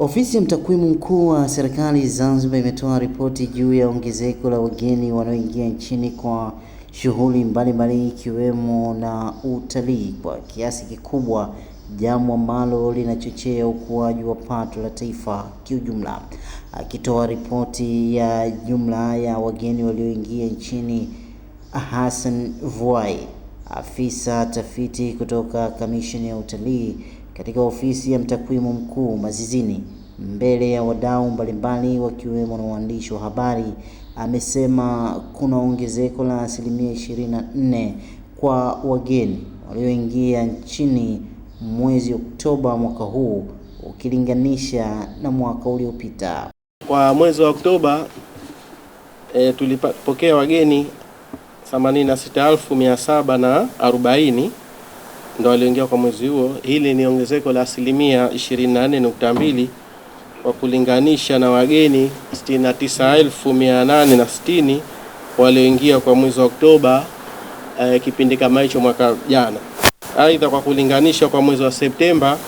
Ofisi ya mtakwimu mkuu wa serikali Zanzibar imetoa ripoti juu ya ongezeko la wageni wanaoingia nchini kwa shughuli mbalimbali ikiwemo na utalii kwa kiasi kikubwa, jambo ambalo linachochea ukuaji wa pato la taifa kiujumla. Akitoa ripoti ya jumla ya wageni walioingia nchini, Hassan Vuai, afisa tafiti kutoka Kamisheni ya Utalii katika ofisi ya mtakwimu mkuu Mazizini mbele ya wadau mbalimbali wakiwemo na waandishi wa habari, amesema kuna ongezeko la asilimia ishirini na nne kwa wageni walioingia nchini mwezi Oktoba mwaka huu ukilinganisha na mwaka uliopita. Kwa mwezi wa Oktoba e, tulipokea wageni 86740 ndo walioingia kwa mwezi huo. Hili ni ongezeko la asilimia 24.2 kwa kulinganisha na wageni 69860 walioingia kwa mwezi wa Oktoba eh, kipindi kama hicho mwaka jana. Aidha, kwa kulinganisha kwa mwezi wa Septemba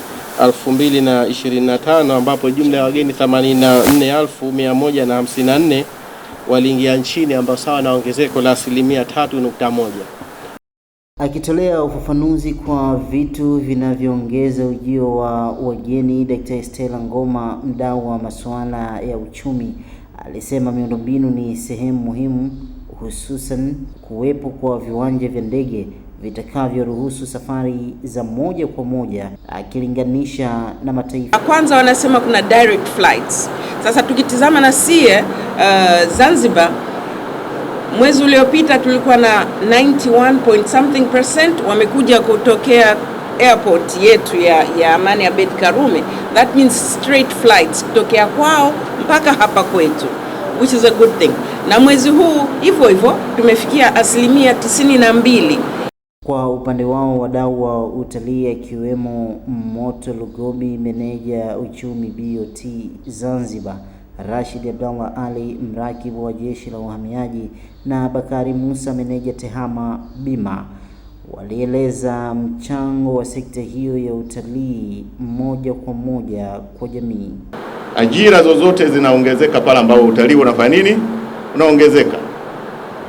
2025 ambapo jumla ya wageni 84154 waliingia nchini ambao sawa na ongezeko la asilimia 3.1. Akitolea ufafanuzi kwa vitu vinavyoongeza ujio wa wageni, Dkt. Stella Ngoma, mdau wa masuala ya uchumi, alisema miundombinu ni sehemu muhimu, hususan kuwepo kwa viwanja vya ndege vitakavyoruhusu safari za moja kwa moja akilinganisha na mataifa. Kwanza wanasema kuna direct flights. Sasa tukitizama na sie uh, Zanzibar Mwezi uliopita tulikuwa na 91 point something percent wamekuja kutokea airport yetu ya, ya Amani Abeid Karume, that means straight flights kutokea kwao mpaka hapa kwetu, which is a good thing. Na mwezi huu hivyo hivyo tumefikia asilimia tisini na mbili. Kwa upande wao wadau wa utalii akiwemo moto Lugobi, meneja uchumi BOT Zanzibar Rashid Abdallah Ali, mrakibu wa jeshi la uhamiaji, na Bakari Musa, meneja TEHAMA Bima, walieleza mchango wa sekta hiyo ya utalii moja kwa moja kwa jamii. Ajira zozote zinaongezeka pale ambapo utalii unafanya nini, unaongezeka.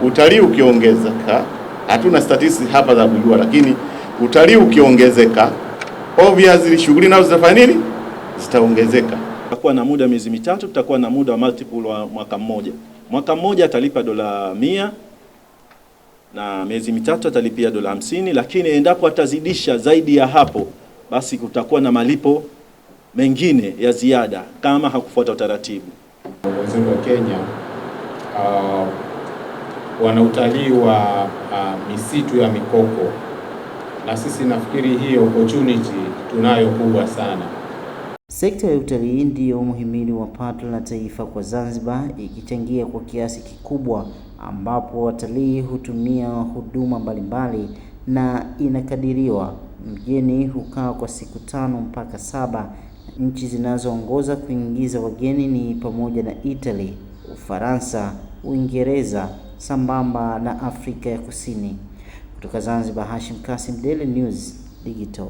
Utalii ukiongezeka, hatuna statistics hapa za kujua, lakini utalii ukiongezeka, obviously shughuli nazo zitafanya nini, zitaongezeka. Tutakuwa na muda miezi mitatu, tutakuwa na muda wa multiple wa mwaka mmoja. Mwaka mmoja atalipa dola mia na miezi mitatu atalipia dola hamsini, lakini endapo atazidisha zaidi ya hapo, basi kutakuwa na malipo mengine ya ziada kama hakufuata utaratibu. Wenzetu wa Kenya uh, wana utalii wa uh, misitu ya mikoko, na sisi nafikiri hii opportunity tunayo kubwa sana. Sekta ya utalii ndiyo muhimili wa pato la taifa kwa Zanzibar, ikichangia kwa kiasi kikubwa, ambapo watalii hutumia huduma mbalimbali na inakadiriwa mgeni hukaa kwa siku tano mpaka saba. Nchi zinazoongoza kuingiza wageni ni pamoja na Italy, Ufaransa, Uingereza sambamba na Afrika ya Kusini. Kutoka Zanzibar, Hashim Kasim, Daily News Digital.